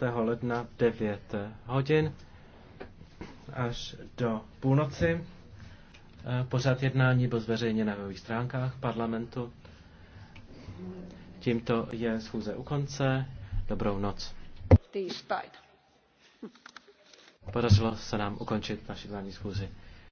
ledna 9 hodin až do půlnoci. Eh, pořád jednání byl zveřejněn na webových stránkách parlamentu. Tímto je schůze u konce. Dobrou noc. Podařilo se nám ukončit naši hlavní schůzi.